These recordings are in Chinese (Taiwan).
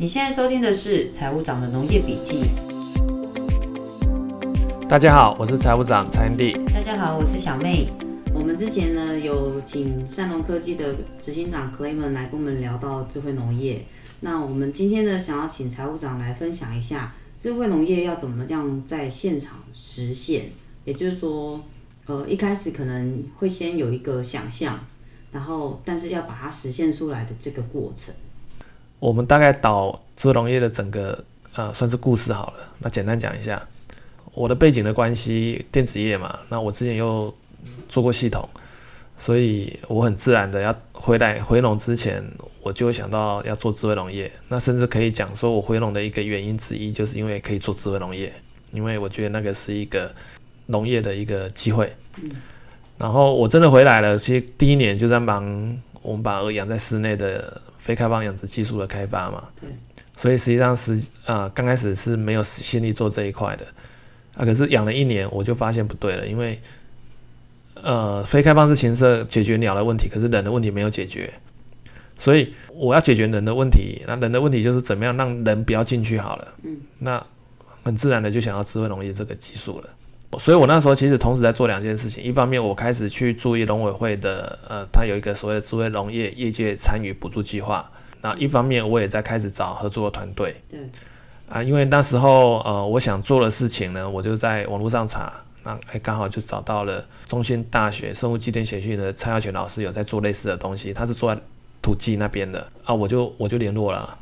你現在收聽的是《財務長的農業筆記》。大家好，我是財務長蔡炎弟。大家好，我是小妹。我們之前呢有請善農科技的執行長 Clayman 來跟我們聊到智慧農業。那我們今天呢想要請財務長來分享一下智慧農業要怎麼樣在現場實現，也就是說，呃，一開始可能會先有一個想象，然後但是要把它實現出來的這個過程。我們大概導智慧農業的整個呃，算是故事好了。那簡單講一下我的背景的關係，電子業嘛。那我之前又做過系統，所以我很自然的要回來，回農之前，我就會想到要做智慧農業。那甚至可以講說，我回農的一個原因之一，就是因為可以做智慧農業，因為我覺得那個是一個農業的一個機會。然後我真的回來了，其實第一年就在忙，我們把鵝養在室內的非開放養殖技術的開發嘛，所以實際上實啊剛開始是沒有心力做這一塊的啊，可是養了一年我就發現不對了，因為呃非開放式禽舍解決鳥的問題，可是人的問題沒有解決，所以我要解決人的問題，那人的問題就是怎麼樣讓人不要進去好了，那很自然的就想要智慧農業這個技術了。所以，我那時候其實同時在做兩件事情，一方面我開始去注意農委會的，呃，他有一個所謂的智慧農業業界參與補助計劃，那一方面我也在開始找合作的團隊、嗯。啊，因為那時候呃，我想做的事情呢，我就在網絡上查，那、哎、剛好就找到了中興大學生物機電學系的蔡耀泉老師有在做類似的東西，他是做在土雞那邊的，啊，我就我就聯絡了，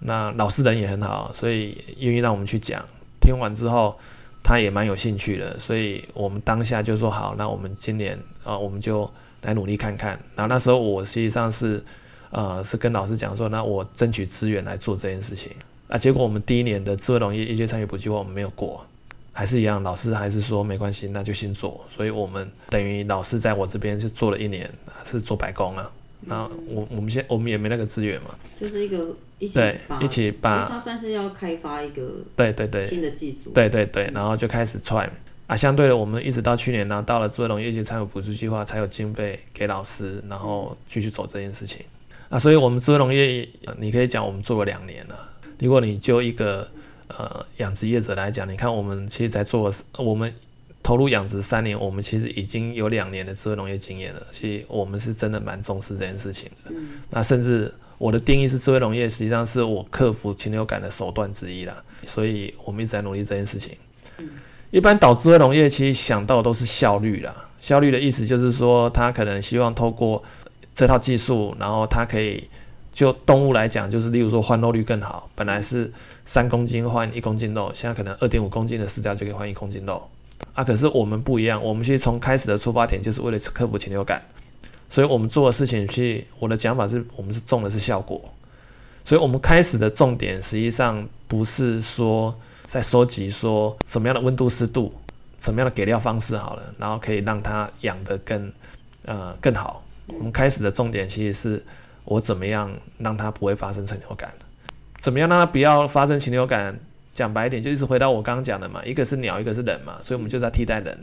那老師人也很好，所以願意讓我們去講，聽完之後。他也蠻有興趣的，所以我們當下就說好，那我們今年啊、呃，我們就來努力看看。然後那時候我實際上是，呃，是跟老師講說，那我爭取資源來做這件事情。啊，結果我們第一年的智慧農業一些參與補助計劃，我們沒有過，還是一樣，老師還是說沒關係，那就先做。所以我們等於老師在我這邊就做了一年，是做白工了、啊。那我我們現我們也沒那個資源嘛、嗯，就是一個。一起一起把，它、哦，算是要開發一個，對對對新的技術，對對對，然後就開始 try、嗯、啊。相對的，我們一直到去年呢，到了智慧農業一些參與補助計劃，才有經費給老師，然後繼續走這件事情、嗯、啊。所以，我們智慧農業、嗯啊，你可以講我們做了兩年了。如果你就一個呃養殖業者來講，你看我們其實才做了，我們投入養殖三年，我們其實已經有兩年的智慧農業經驗了。所以，我們是真的蠻重視這件事情的。那、嗯啊、甚至。我的定義是智慧農業，實際上是我克服禽流感的手段之一啦。所以我們一直在努力這件事情。一般導智慧農業，其實想到的都是效率啦。效率的意思就是說，它可能希望透過這套技術，然後它可以就動物來講，就是例如說換肉率更好。本來是三公斤換一公斤肉，現在可能二點五公斤的飼料就可以換一公斤肉。啊，可是我們不一樣，我們其實從開始的出發點就是為了克服禽流感。所以我們做的事情，其實我的講法是，我們是重的是效果。所以我們開始的重點，實際上不是說在收集說什麼樣的溫度濕度、什麼樣的給料方式好了，然後可以讓它養得更呃更好。我們開始的重點其實是我怎麼樣讓它不會發生禽流感，怎麼樣讓它不要發生禽流感。講白一點，就一直回到我剛剛講的嘛，一個是鳥，一個是人嘛，所以我們就在替代人。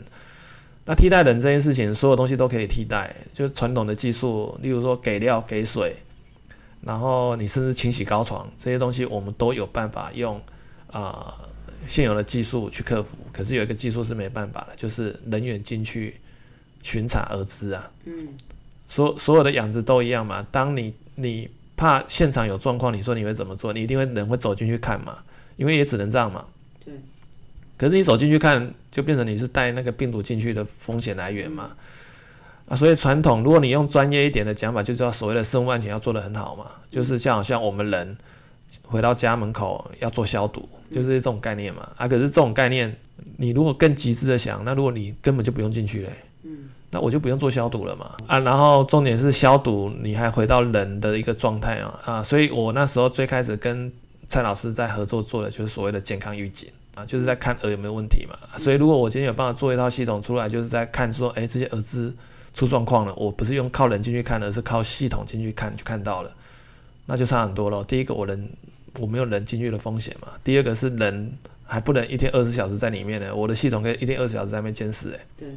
那替代人這件事情，所有東西都可以替代，就傳統的技術，例如說給料、給水，然後你甚至清洗高床這些東西，我們都有辦法用啊、呃、現有的技術去克服。可是有一個技術是沒辦法的，就是人員進去巡查而知啊。所所有的養殖都一樣嘛。當你你怕現場有狀況，你說你會怎麼做？你一定會人會走進去看嘛。因為也只能這樣嘛。可是你走進去看，就變成你是帶那個病毒進去的風險來源嘛？啊，所以傳統如果你用專業一點的講法，就叫所謂的生物安全要做得很好嘛，就是像像我們人回到家門口要做消毒，就是這種概念嘛。啊，可是這種概念，你如果更極致的想，那如果你根本就不用進去嘞？嗯，那我就不用做消毒了嘛。啊，然後重點是消毒，你還回到人的一個狀態啊啊，所以我那時候最開始跟。蔡老師在合作做的就是所謂的健康預警啊,就是在看鵝有沒有問題嘛。所以如果我今天有辦法做一套系統出來，就是在看說，哎、欸，這些鵝隻出狀況了，我不是用靠人進去看的，而是靠系統進去看就看到了，那就差很多了。第一個，我人我沒有人進去的風險嘛，第二個是人還不能一天二十小時在裡面呢、欸，我的系統可以一天二十小時在那邊監視、欸。哎，對。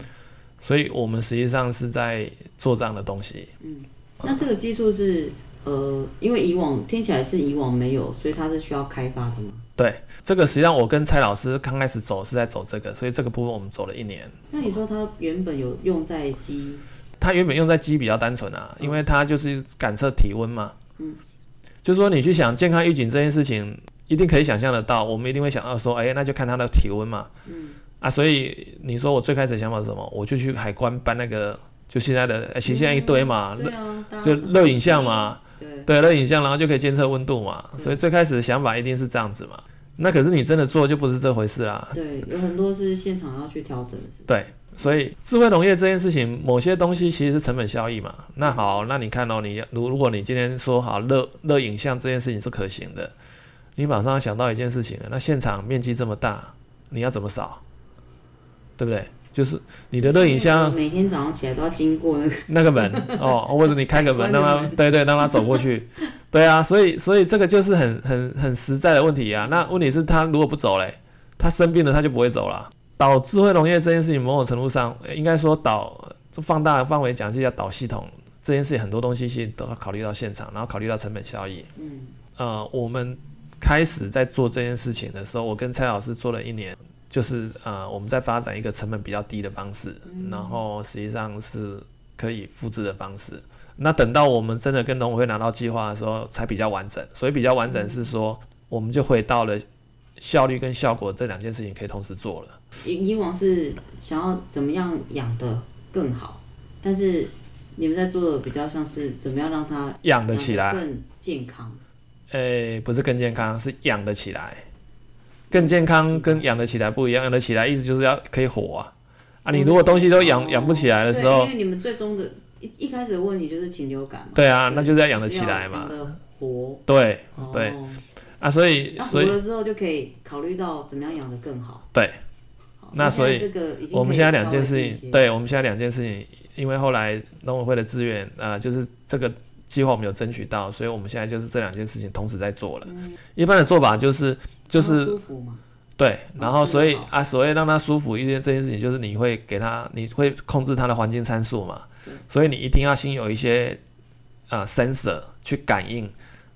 所以我們實際上是在做這樣的東西。嗯，那這個技術是？呃，因為以往聽起來是以往沒有，所以它是需要開發的嘛。對，這個實際上我跟蔡老師剛開始走是在走這個，所以這個部分我們走了一年。那你說它原本有用在雞？它原本用在雞比較單純啊，因為它就是感測體溫嘛。嗯，就是說你去想健康預警這件事情，一定可以想象得到，我們一定會想到說，哎、欸，那就看它的體溫嘛。嗯，啊，所以你說我最開始想法是什麼？我就去海關搬那個，就現在的，而且現在一堆嘛，嗯啊、就熱影像嘛。對，熱影像，然後就可以監測溫度嘛。所以最開始的想法一定是這樣子嘛。那可是你真的做就不是這回事啦、啊。對，有很多是現場要去調整是不是？對，所以智慧農業這件事情，某些東西其實是成本效益嘛。那好，那你看到、哦、你如如果你今天說好熱熱影像這件事情是可行的，你馬上要想到一件事情了，那現場面積這麼大，你要怎麼掃？對不對？就是你的熱影像，每天早上起來都要經過那個門哦，或者你開個門讓他，對對，讓他走過去，對啊，所以所以這個就是很很很實在的問題啊。那問題是他如果不走嘞？他生病了他就不會走了。導智慧農業這件事情某種程度上應該說導，就放大範圍講是要導系統這件事情，很多東西是都要考慮到現場，然後考慮到成本效益。嗯，呃，我們開始在做這件事情的時候，我跟蔡老師做了一年。就是呃，我們在發展一個成本比較低的方式，然後實際上是可以複製的方式。那等到我們真的跟農委會拿到計劃的時候，才比較完整。所以比較完整是說，我們就回到了效率跟效果這兩件事情可以同時做了。以以往是想要怎麼樣養得更好，但是你們在做的比較像是怎麼樣讓它養得起來得更健康。哎、欸，不是更健康，是養得起來。更健康，跟養得起來不一樣。養得起來意思就是要可以活啊啊！你如果東西都養養、嗯、不起來的時候，因為你們最終的一一開始的問題就是禽流感嘛，對啊，對，那就是要養得起來嘛，就是、活對對、哦、啊，所以養活了之後就可以考慮到怎麼樣養得更好。對，那所以我們現在兩件事情，對，我們現在兩件事情，因為後來農委會的資源啊，就是這個計劃我們有爭取到，所以我們現在就是這兩件事情同時在做了。嗯、一般的做法就是。就是舒服嗎？就是、對，然後所以啊，所謂讓它舒服一些這件事情，就是你會給它，你會控制它的環境參數嘛。所以你一定要先有一些啊、uh、sensor 去感應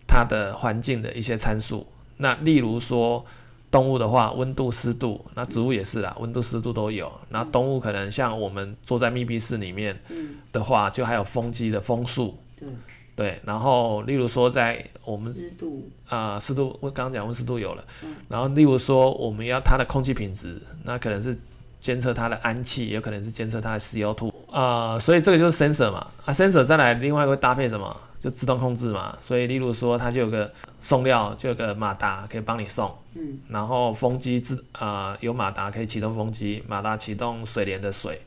它的環境的一些參數。那例如說動物的話，溫度、濕度，那植物也是啦、嗯，溫度、濕度都有。那動物可能像我們坐在密閉室裡面的話，就還有風機的風速、嗯。對。對，然後例如說在我們濕度啊，濕度、呃、濕度我剛剛講溫濕度有了、嗯，然後例如說我們要它的空氣品質，那可能是監測它的氨氣，也可能是監測它的 CO two 啊、呃，所以這個就是 sensor 嘛，啊 sensor 再來另外一個搭配什麼，就自動控制嘛，所以例如說它就有個送料，就有個馬達可以幫你送，嗯，然後風機自啊、呃、有馬達可以啟動風機，馬達啟動水簾的水，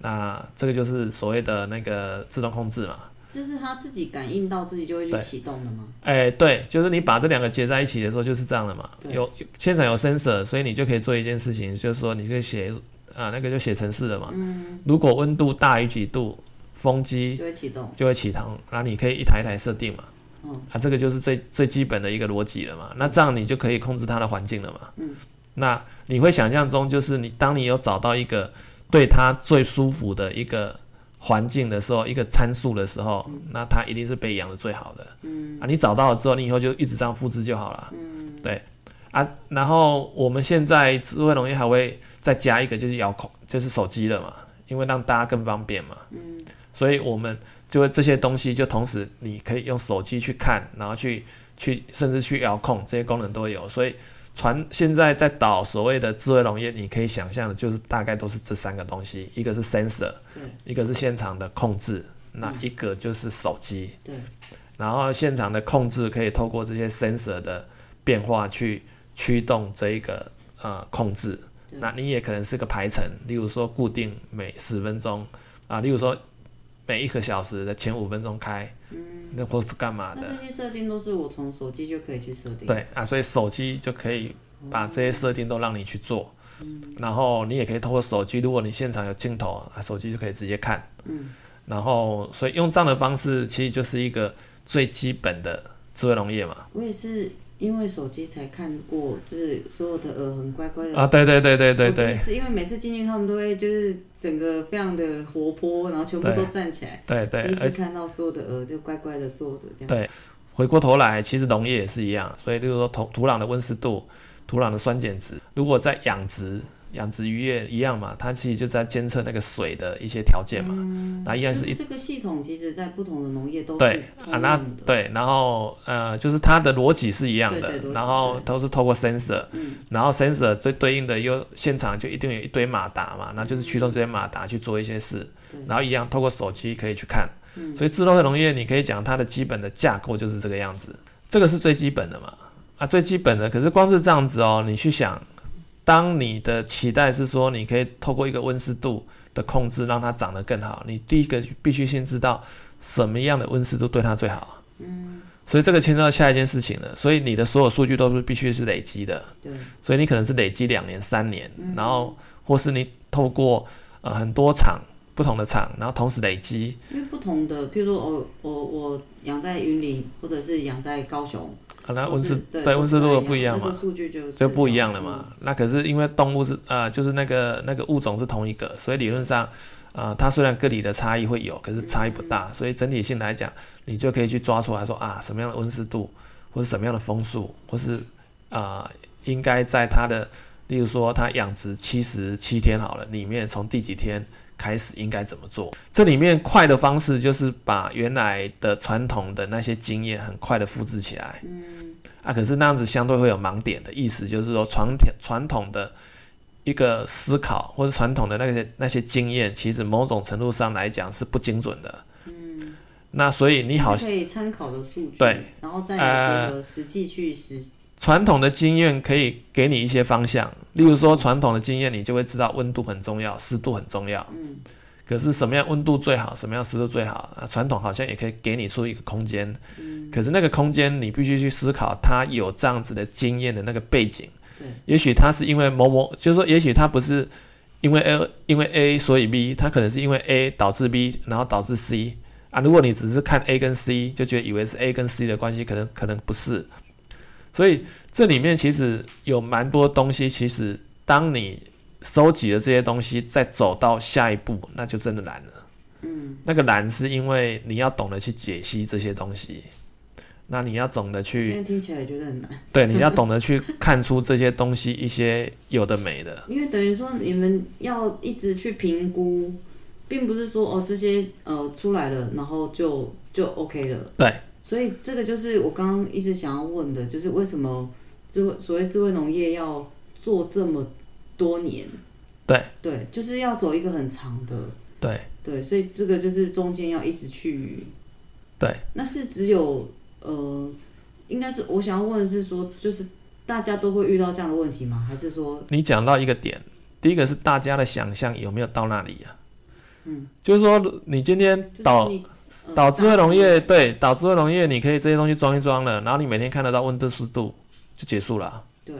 那、呃、這個就是所謂的那個自動控制嘛。就是它自己感應到自己就會去啟動的嗎？哎、欸，對，就是你把這兩個結在一起的時候，就是這樣的嘛。有現場有 sensor，所以你就可以做一件事情，就是說你就可以寫啊，那個就寫程式了嘛。嗯。如果溫度大於幾度，風機就會啟動，就會啟動。那、啊、你可以一台一台設定嘛。嗯。啊，這個就是最最基本的一個邏輯了嘛。那這樣你就可以控制它的環境了嘛。嗯。那你會想象中就是你當你有找到一個對它最舒服的一個。環境的時候，一個參數的時候，那它一定是被養的最好的。啊，你找到了之後，你以後就一直這樣複製就好了。對啊。然後我們現在智慧農業還會再加一個，就是遙控，就是手機了嘛，因為讓大家更方便嘛。所以我們就會這些東西，就同時你可以用手機去看，然後去去甚至去遙控，這些功能都有，所以，傳現在在導所謂的智慧農業，你可以想象的就是大概都是這三個東西，一個是 sensor，一個是現場的控制，那一個就是手機。然後現場的控制可以透過這些 sensor 的變化去驅動這一個呃控制。那你也可能是個排程，例如說固定每十分鐘，啊，例如說每一個小時的前五分鐘開。那或是幹嘛的？那這些設定都是我從手機就可以去設定的。對啊，所以手機就可以把這些設定都讓你去做。嗯。然後你也可以通過手機，如果你現場有鏡頭啊，手機就可以直接看。嗯。然後，所以用這樣的方式，其實就是一個最基本的智慧農業嘛。我也是。因為手機才看過，就是所有的鵝很乖乖的啊！對對對對對對！因為每次進去他們都會就是整個非常的活潑，然後全部都站起來。對對、對，第一次看到所有的鵝就乖乖的坐着這樣。對，回過頭來，其實農業也是一樣，所以例如說土、土壤的溫濕度、土壤的酸鹼值，如果在養殖。養殖漁業一樣嘛，它其實就在監測那個水的一些條件嘛，那、嗯、依然是一。是這個系統其實，在不同的農業都。對啊，那對，然後呃，就是它的邏輯是一樣的，對對邏輯然後都是透過 sensor，然後 sensor 最對應的又現場就一定有一堆馬達嘛，那、嗯、就是驅動這些馬達去做一些事，嗯、然後一樣透過手機可以去看。嗯、所以智慧農業，你可以講它的基本的架構就是這個樣子，這個是最基本的嘛，啊，最基本的，可是光是這樣子哦，你去想。當你的期待是說，你可以透過一個溫濕度的控制讓它長得更好，你第一個必須先知道什麼樣的溫濕度對它最好。嗯，所以這個牽涉到下一件事情了。所以你的所有數據都是必須是累積的。對。所以你可能是累積兩年、三年，嗯哼，然後或是你透過呃很多場不同的場，然後同時累積。因為不同的，譬如說我，我我我養在雲林，或者是養在高雄。啊、那溫濕對溫濕度的不一樣嘛，那個數據就是，就不一樣了嘛、嗯。那可是因為動物是啊、呃，就是那個那個物種是同一個，所以理論上啊、呃，它雖然個體的差異會有，可是差異不大，所以整體性來講，你就可以去抓出來說啊，什麼樣的溫濕度，或者什麼樣的風速，或是啊、呃，應該在它的，例如說它養殖七十七天好了，裡面從第幾天，開始應該怎麼做？這裡面快的方式就是把原來的傳統的那些經驗很快的複製起來，嗯，啊，可是那樣子相對會有盲點的意思，就是說傳統傳統的一個思考或者傳統的那些，個，那些經驗，其實某種程度上來講是不精準的，嗯，那所以你好像可以參考的數據，對，嗯，然後再這個實際去實。嗯傳統的經驗可以給你一些方向，例如說傳統的經驗，你就會知道溫度很重要，濕度很重要。可是什麼樣溫度最好，什麼樣濕度最好？啊，傳統好像也可以給你出一個空間。可是那個空間你必須去思考，它有這樣子的經驗的那個背景。也許它是因為某某，就是說，也許它不是因為 A 因為 A 所以 B，它可能是因為 A 導致 B，然後導致 C。啊，如果你只是看 A 跟 C，就覺得以為是 A 跟 C 的關係，可能可能不是。所以這裡面其實有蠻多東西，其實當你收集了這些東西，再走到下一步，那就真的難了。嗯，那個難是因為你要懂得去解析這些東西，那你要懂得去，現在聽起來覺得很難。對，你要懂得去看出這些東西一些有的沒的。因為等於說你們要一直去評估，並不是說哦這些呃出來了，然後就就 OK 了。對。所以這個就是我剛剛一直想要問的，就是為什麼智慧所謂智慧農業要做這麼多年？對對，就是要走一個很長的。對對，所以這個就是中間要一直去。對。那是只有呃，應該是我想要問的是說，就是大家都會遇到這樣的問題嗎？還是說你講到一個點，第一個是大家的想象有沒有到那裡呀、啊？嗯，就是說你今天到。導熱溶、嗯、液，對，導熱溶液，你可以這些東西裝一裝了，然後你每天看得到溫度濕度，就結束了、啊。對，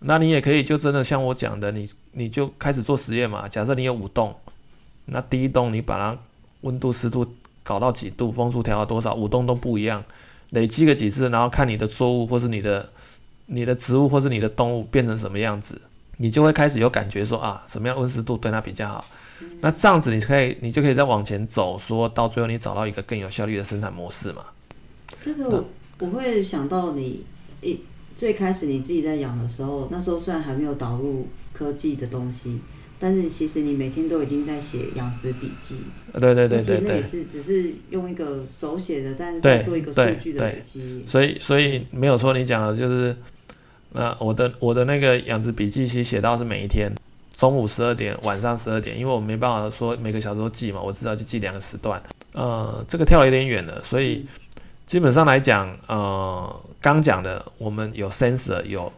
那你也可以就真的像我講的，你你就開始做實驗嘛。假設你有五棟，那第一棟你把它溫度濕度搞到幾度，風速調到多少，五棟都不一樣，累積個幾次，然後看你的作物或是你的你的植物或是你的動物變成什麼樣子，你就會開始有感覺說啊，什麼樣溫濕度對它比較好。嗯、那這樣子，你可以，你就可以再往前走，說到最後，你找到一個更有效率的生產模式嘛。這個我，我會想到你一、欸、最開始你自己在養的時候，那時候雖然還沒有導入科技的東西，但是其實你每天都已經在寫養殖筆記。對對對對、對，那也是只是用一個手寫的對對對，但是在做一個數據的筆記。所以所以沒有錯，你講的就是，那我的我的那個養殖筆記，其實寫到是每一天，中午十二點，晚上十二點，因為我沒辦法說每個小時都記嘛，我至少就記兩個時段。呃，這個跳有點遠了，所以基本上來講，呃，剛講的我們有 sensor，有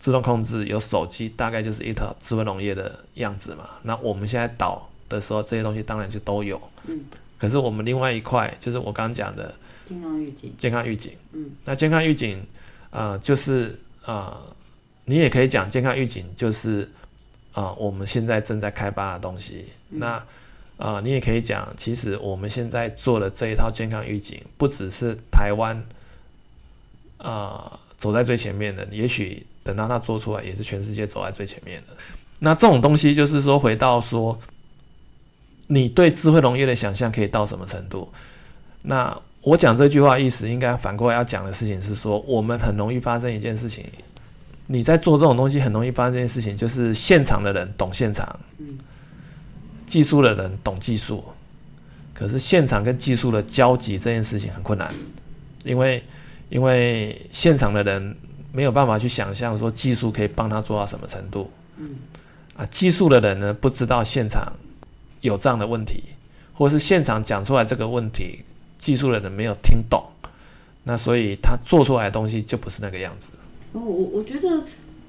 自動控制，有手機，大概就是一套智慧農業的樣子嘛。那我們現在導的時候，這些東西當然就都有。嗯。可是我們另外一塊就是我剛講的健康預警。健康預警。嗯。那健康預警，呃，就是呃，你也可以講健康預警就是。啊、呃，我們現在正在開發的東西，那啊、呃，你也可以講，其實我們現在做的這一套健康預警，不只是台灣啊、呃，走在最前面的，也許等到它做出來，也是全世界走在最前面的。那這種東西就是說，回到說，你對智慧農業的想象可以到什麼程度？那我講這句話意思，應該反過來要講的事情是說，我們很容易發生一件事情。你在做這種東西，很容易發生這件事情，就是現場的人懂現場，技術的人懂技術，可是現場跟技術的交集這件事情很困難，因為因為現場的人沒有辦法去想象說技術可以幫他做到什麼程度，啊，技術的人呢，不知道現場有這樣的問題，或是現場講出來這個問題，技術的人沒有聽懂，那所以他做出來的東西就不是那個樣子。哦，我我覺得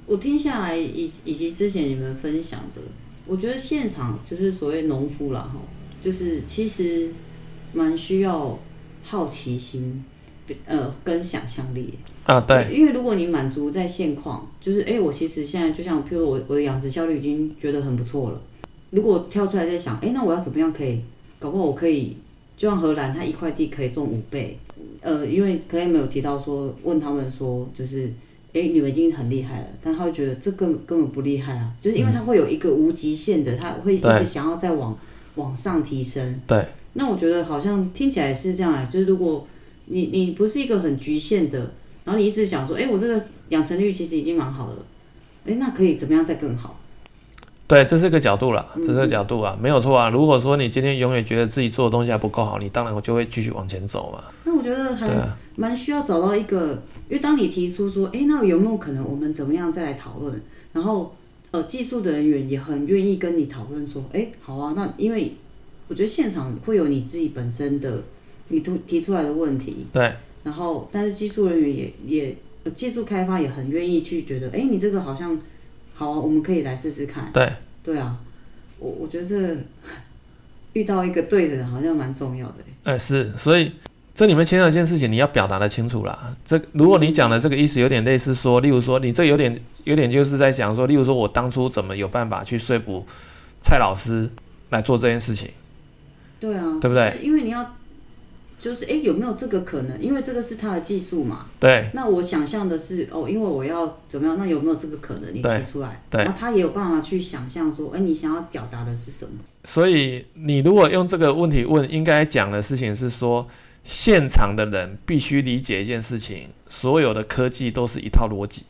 我聽下來以及以及之前你們分享的，我覺得現場就是所謂農夫啦。哈，就是其實蠻需要好奇心，呃，跟想象力、欸、啊，對，因為如果你滿足在現況，就是哎、欸，我其實現在就像譬如我我的養殖效率已經覺得很不錯了，如果跳出來再想，哎，那我要怎麼樣可以？搞不好我可以就像荷蘭，他一塊地可以種五倍，呃，因為克萊沒有提到說，問他們說就是。哎、欸，你們已經很厲害了，但他會覺得這根本根本不厲害啊，就是因為他會有一個無極限的、嗯，他會一直想要再往往上提升。對，那我覺得好像聽起來是這樣啊，就是如果你你不是一個很局限的，然後你一直想說，哎、欸，我這個養成率其實已經蠻好了，誒、欸，那可以怎麼樣再更好？對，這是一個角度了、嗯，這是一個角度啊，沒有錯啊。如果說你今天永遠覺得自己做的東西還不夠好，你當然我就會繼續往前走嘛。那我覺得還蠻需要找到一個。因為當你提出說，誒、欸，那有沒有可能我們怎麼樣再來討論？然後，呃，技術的人員也很願意跟你討論說，哎、欸，好啊，那因為我覺得現場會有你自己本身的你提提出來的問題，對。然後，但是技術人員也也，技術開發也很願意去覺得，哎、欸，你這個好像好啊，我們可以來試試看。對。對啊，我我覺得這遇到一個對的人好像蠻重要的、欸。哎、欸，是，所以。這裡面前兩件事情你要表達得清楚了。這如果你講的這個意思有點類似說，例如說你這有點有點就是在講說，例如說我當初怎麼有辦法去說服蔡老師來做這件事情。對啊，對不對？就是、因為你要就是誒、欸，有沒有這個可能？因為這個是他的技術嘛。對。那我想象的是哦，因為我要怎麼樣？那有沒有這個可能？你提出來，那他也有辦法去想象說，誒、欸，你想要表達的是什麼？所以你如果用這個問題問，應該講的事情是說。現場的人必須理解一件事情：所有的科技都是一套邏輯。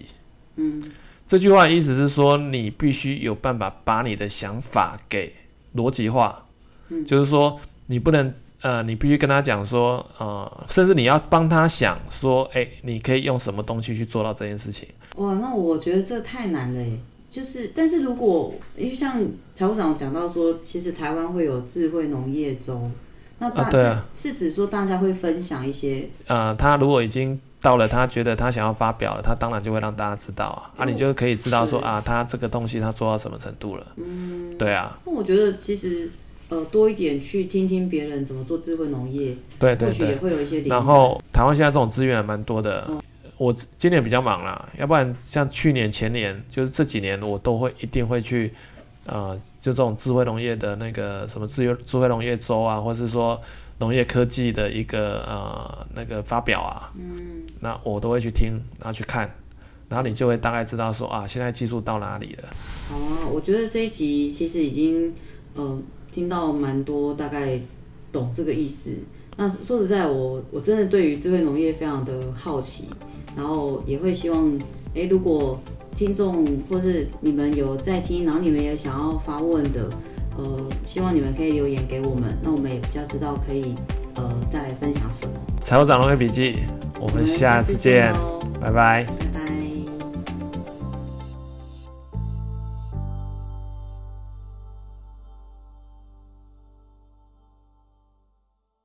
嗯，這句話意思是說，你必須有辦法把你的想法給邏輯化。嗯，就是說，你不能呃，你必須跟他講說，呃，甚至你要幫他想說，哎、欸，你可以用什麼東西去做到這件事情？哇，那我覺得這太難了，就是，但是如果因為像財務長講到說，其實台灣會有智慧農業中。那大家是指說大家會分享一些，呃，他如果已經到了，他覺得他想要發表了，他當然就會讓大家知道啊，哦、啊，你就可以知道說啊，他這個東西他做到什麼程度了，嗯，對啊。那我覺得其實呃多一點去聽聽別人怎麼做智慧農業，對，對，對，對，或許也會有一些。然後台灣現在這種資源還蠻多的，嗯，我今年比較忙啦，要不然像去年前年就是這幾年我都會一定會去。呃，就這種智慧農業的那個什麼智慧智慧農業週啊，或者是說農業科技的一個呃那個發表啊、嗯，那我都會去聽，然後去看，然後你就會大概知道說啊，現在技術到哪裡了。好啊，我覺得這一集其實已經嗯、呃、聽到蠻多，大概懂這個意思。那說實在，我我真的對於智慧農業非常的好奇，然後也會希望哎、欸、如果，聽眾或是你們有在聽，然後你們也想要發問的，呃，希望你們可以留言給我們，那我們也比較知道可以，呃，再來分享什麼。財務掌握的筆記，我們下次見，次見哦、拜拜。拜拜。